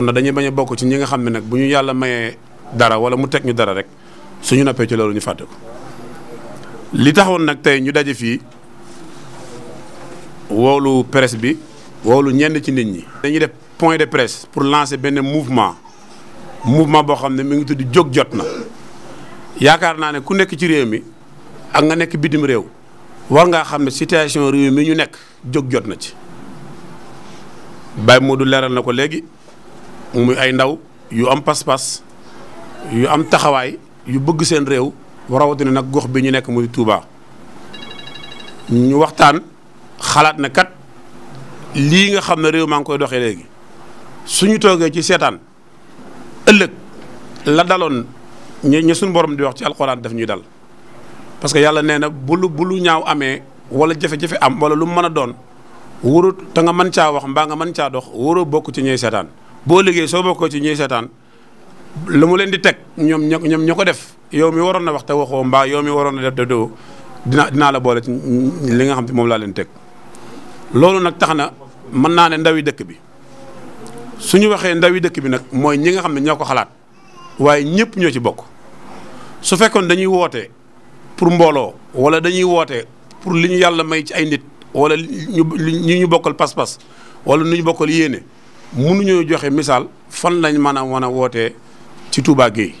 kon nag dañuy bañ a bokk ci ñi nga xam ne nag bu ñu yàlla mayee dara wala mu teg ñu dara rek suñu nappee ci loolu ñu fàtte ko li taxoon nag tey ñu daje fii woolu presse bi woolu ñenn ci nit ñi. dañuy def point de presse pour lancer benn mouvement mouvement boo xam ne mi ngi tudd jóg jot na yaakaar naa ne ku nekk ci réew mi ak nga nekk bitim réew war ngaa xam ne situation réew mi ñu nekk jóg jot na ci Baye Modou leeral na ko léegi. muy ay ndaw yu am pas-pas yu am taxawaay yu bëgg seen réew rawatina nag gox bi ñu nekk muy Touba ñu waxtaan xalaat na kat lii nga xam ne réew maa ngi koy doxee léegi su ñu toogee ci seetaan ëllëg la daloon ña ña suñu borom di wax ci alxuraan daf ñuy dal parce que yàlla nee na bu lu bu lu ñaaw amee wala jafe-jafe am wala lu mu mën a doon wóorut te nga mën caa wax mbaa nga mën caa dox wóoroo bokk ci ñooy seetaan. boo liggéey soo bokkoo ci ñuy seetaan lu mu leen di teg ñoom ñoom ñoo ko def yow mi waroon na wax te waxoo mbaa yow mi waroon na def te doo dina dinaa la boole ci li nga xam te moom laa leen teg. loolu nag tax na naa ne ndawi dëkk bi suñu waxee ndawi dëkk bi nag mooy ñi nga xam ne ñoo ko xalaat waaye ñëpp ñoo ci bokk su fekkoon dañuy woote pour mbooloo wala dañuy woote pour li ñu yàlla may ci ay nit wala ñu ñu bokkal pas-pas wala ñu bokkal yéene. mënuñoo joxe misaal fan lañ mën a wan a wootee ci Touba Gueye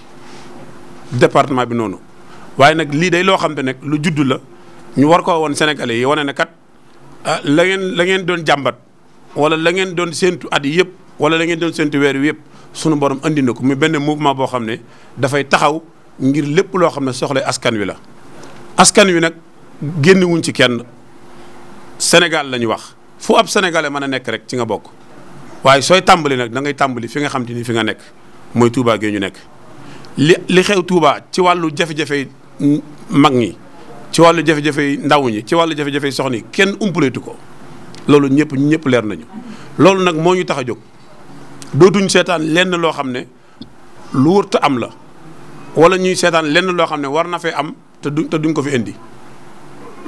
département bi noonu waaye nag lii day loo xam ne nag lu juddu la ñu war koo woon Sénégalais yi wane ne ah, la ngeen la ngeen doon jàmbat wala la ngeen doon séentu at yëpp wala la ngeen doon séentu weer wi yëpp sunu borom andi na ko muy benn mouvement boo xam ne dafay taxaw ngir lépp loo xam ne soxla askan wi la. askan wi nag génn wuñ ci kenn Sénégal la wax fu ab sénégalais mën a nekk rek ci nga bokk. waaye sooy tàmbali nag da ngay tàmbali fi nga xam te ni fi nga nekk mooy Touba gi ñu nekk li li xew Touba ci wàllu jafe-jafe mag ñi ci wàllu jafe-jafe ndaw ñi ci wàllu jafe-jafe soxna yi kenn umpaleetu ko loolu ñëpp ñëpp leer nañu loolu nag moo ñu tax a jóg dootuñ seetaan lenn loo xam ne lu wërta am la wala ñuy seetaan lenn loo xam ne war na fee am te du te duñ ko fi indi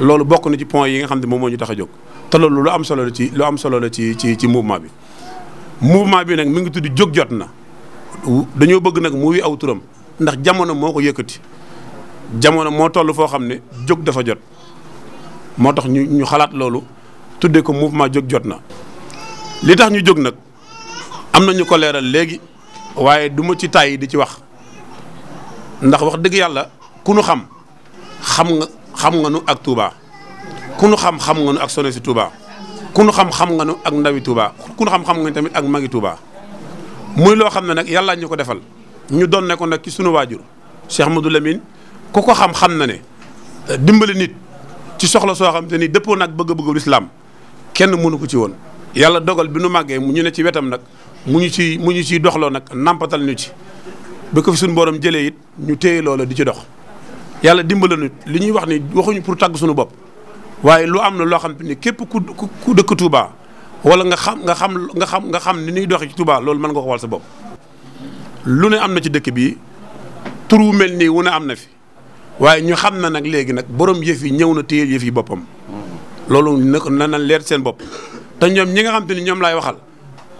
loolu bokk na ci point yi nga xam ne moom moo ñu tax a jóg te loolu lu am solo la ci lu am solo la ci ci ci mouvement bi mouvement bi nag mi ngi tudd jóg jot na dañoo bëgg nag mu wi aw turam ndax jamono moo ko yëkkati jamono moo toll foo xam ne jóg dafa jot moo tax ñu ñu xalaat loolu tuddee ko mouvement jóg jot na li tax ñu jóg nag am na ñu ko leeral léegi waaye duma ci tàyyi di ci wax ndax wax dëgg yàlla ku nu xam xam nga xam nga nu ak Touba ku nu xam xam nga nu ak sone si Touba ku xam-xam nga nu ak ndawi Touba ku xam-xam nga tamit ak magi Touba muy loo xam ne nag yàlla ñu ko defal ñu doon ne ko nag ci sunu waajur Cheikh Modou Lamine ku ko xam-xam na ne eh, dimbali nit ci soxla soo xam te ni dëppoo nag bëgg-bëggu islaam kenn mënu ko ci woon. yàlla dogal bi nu màggee mu ñu ne ci wetam nag mu ñu ci mu ñu ciy doxloo nag nampatal ñu ci ba ko fi suñu borom jëlee it ñu téye loola di ci dox yàlla dimbali nit li ñuy wax ni waxuñu pour tàgg suñu bopp. waaye lu am na loo xam ni képp ku ku dëkk Touba wala nga xam nga xam nga xam nga xam ni nuy doxe ci Touba loolu mën nga ko sa bopp. lu ne am na ci dëkk bi tur wu mel nii wu ne am na fi waaye ñu xam na nag léegi nag borom yëf yi ñëw na téye yëf yi boppam. loolu na na leer seen bopp te ñoom ñi nga xam ni ñoom laay waxal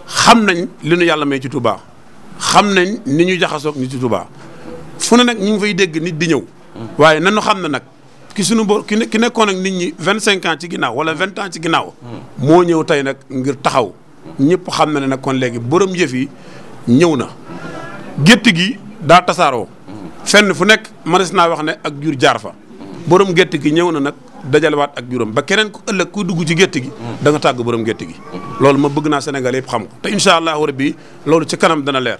xam nañ li nu yàlla may ci Touba xam nañ ni ñu jaxasook ni ci Touba fu ne nag ñu ngi fay dégg nit di ñëw waaye nanu xam na nag. ki suñu bo ki nekkoon nag nit ñi vingt cinq ans ci ginnaaw wala vingt ans ci ginnaaw. moo ñëw tey nag ngir taxaw. ñëpp xam na ne nag kon léegi borom yëf yi ñëw na. gétt gi daa tasaaroo. fenn fu nekk mënees naa wax ne ak jur jaar fa. borom gétt gi ñëw na nag dajalewaat ak juróom ba keneen ku ëllëg ku dugg ci gétt gi. danga tàgg borom gétt gi. loolu ma bëgg naa Sénégal yëpp xam ko te incha allahu rabbi loolu ci kanam dana leer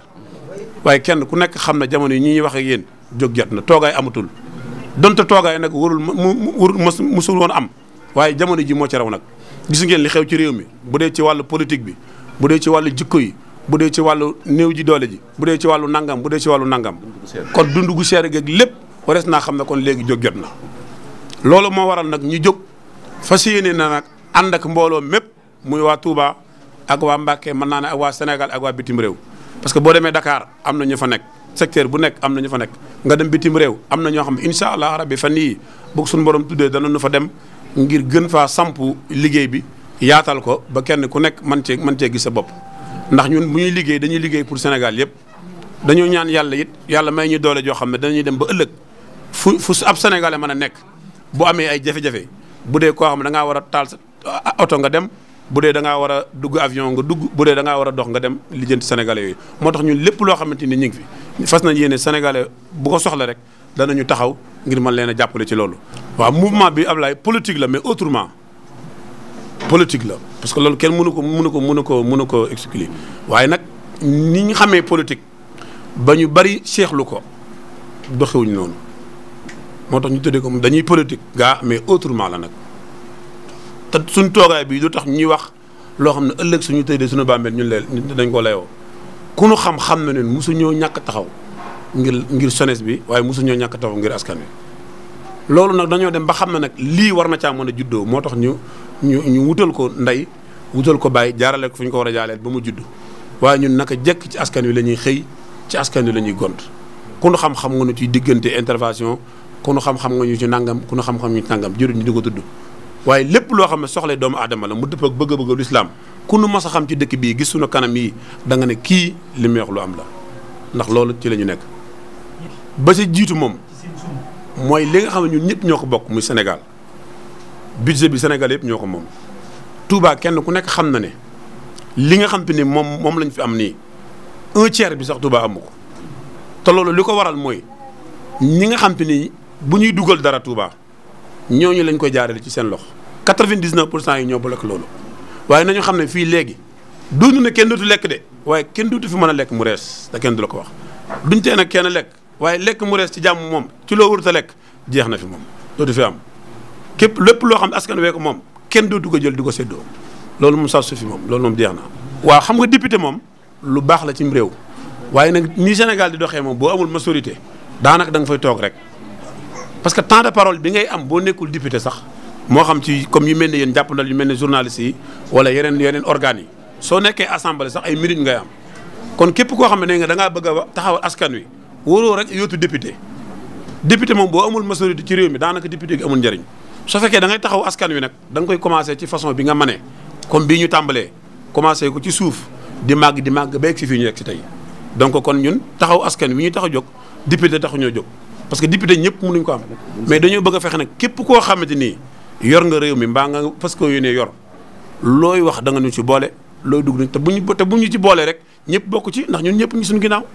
waaye kenn ku nekk xam na jamono yi ñi ñuy waxee ak yéen jóg jot na toogaay amatul. donte toogaay nag warul mu warul mos mosul woon am waaye jamono ji moo ci raw nag gis ngeen li xew ci réew mi bu dee ci wàllu politique bi bu dee ci wàllu jikko yi bu dee ci wàllu néew ji doole ji bu dee ci wàllu nangam bu dee ci wàllu nangam. kon dundu gu seer geeg lépp warees naa xam ne kon léegi jóg jot na. loolu moo waral nag ñu jóg fas yéene na nag ànd ak mbooloo mépp muy waa Touba ak waa Mbacké mën naa ne ak waa Sénégal ak waa bitim réew parce que boo demee dakaar am na ñu fa nekk. secteur bu nekk am na ñu fa nekk nga dem bitim réew am na ñoo xam ne incha allah rabbi fa nii bu suñu borom tuddee dana nu fa dem ngir gën faa sampu liggéey bi yaatal ko ba kenn ku nekk man cee man cee gis sa bopp. ndax ñun bu ñuy liggéey dañuy liggéey pour Sénégal yëpp dañoo ñaan yàlla it yàlla may ñu doole joo xam ne danañuy dem ba ëllëg fu fu ab sénégalais mën a nekk bu amee ay jafe-jafe bu dee koo xam ne war a taal sa ah, oto nga dem. bu dee da ngaa war a dugg avion nga dugg bu dee da war a dox nga dem lijjanti sénégalais yooyu moo tax ñun lépp loo xamante ni ñu ngi fi fas nañ yéene sénégalais bu ko soxla rek ñu taxaw ngir mën leen a jàppale ci loolu. waaw mouvement bi Ablaye politique la mais autrement politique la parce que loolu kenn mënu ko mënu ko mënu ko mënu ko expliquer waaye nag ni ñu xamee politique ba ñu bari seexlu ko doxewuñ noonu moo tax ñu tëddee ko dañuy politique gaa mais autrement la nag. te suñ toogaay bii du tax ñuy wax loo xam ne ëllëg suñu tëddee suñu bàmmeel ñun leen dañ ko layoo ku nu xam xam na ne mosuñoo ñàkk taxaw ngir ngir jeunesse bi waaye mosuñoo ñàkk taxaw ngir askan wi. loolu nag dañoo dem ba xam ne nag lii war na caa mën a juddoo moo tax ñu ñu ñu wutal ko ndey wutal ko bàyyi jaarale ko fu ñu ko war a jaaleel ba mu judd waaye ñun naka jekk ci askan wi la ñuy xëy ci askan wi la ñuy gont ku xam-xam nga ñu ci diggante intervention ku nu nga ñu ci nangam ku nu xam-xam ñu ci di ko tudd waaye lépp loo xam ne soxla doomu aadama la mu dëpp ak bëgg-bëgg lislaam ku nu mas a xam ci dëkk bii gis sunu kanam yi danga ne kii li muy lu am la ndax loolu ci lañu nekk ba si jiitu moom mooy li nga xam ne ñun ñëpp ñoo ko bokk muy Sénégal budget bi Sénégal yëpp ñoo ko moom. tuubaa kenn ku nekk xam na ne li nga xam te ni moom moom lañ fi am nii un tiers bi sax Touba amu ko te loolu li ko waral mooy ñi nga xam te ni bu ñuy dugal dara tuubaa ñooñu lañ koy jaarale ci seen loxo 99 pour cent yi ñoo bloqué loolu waaye nañu xam ne fii léegi duñu ne kenn dootu lekk de waaye kenn dootu fi mën a lekk mu rees da kenn du la ko wax duñ tee nag kenn lekk waaye lekk mu rees ci jàmm moom ci loo wurta lekk jeex na fi moom dootu fi am képp lépp loo xam askan wee ko moom kenn dootu ko jël di ko séddoo loolu moom sax su fi moom loolu moom jeex na waa xam nga député moom lu baax la cim réew waaye nag ni Sénégal di doxee moom boo amul majorité daanaka da nga fay toog rek parce que temps de parole bi ngay am boo nekkul député sax moo xam ci comme yu mel ne yéen jàppandal yu mel ne journaliste yi wala yeneen yeneen organes yi soo nekkee assemblée sax ay minutes ngay am kon képp koo xam ne ne nga da bëgg a taxaw askan wi wóoroo rek yootu député député moom boo amul majorité ci réew mi daanaka député gi amul njariñ su fekkee dangay ngay taxaw askan wi nag danga koy commencé ci façon bi nga mënee comme bii ñu tàmbalee commencé ko ci suuf di màgg di màgg ba egg fii ñu egg tey donc kon ñun taxaw askan wi ñu tax a jóg député taxu ñoo jóg parce que député ñëpp munuñ ko am mais dañoo bëgg a fexe nag képp koo xamante nii yor nga réew mi mbaa nga parce que yéene yor looy wax da nga ñu ci boole looy dugg te bu ñu te bu ñu ci boole rek ñëpp bokk ci ndax ñun ñëpp ñu suñu ginaaw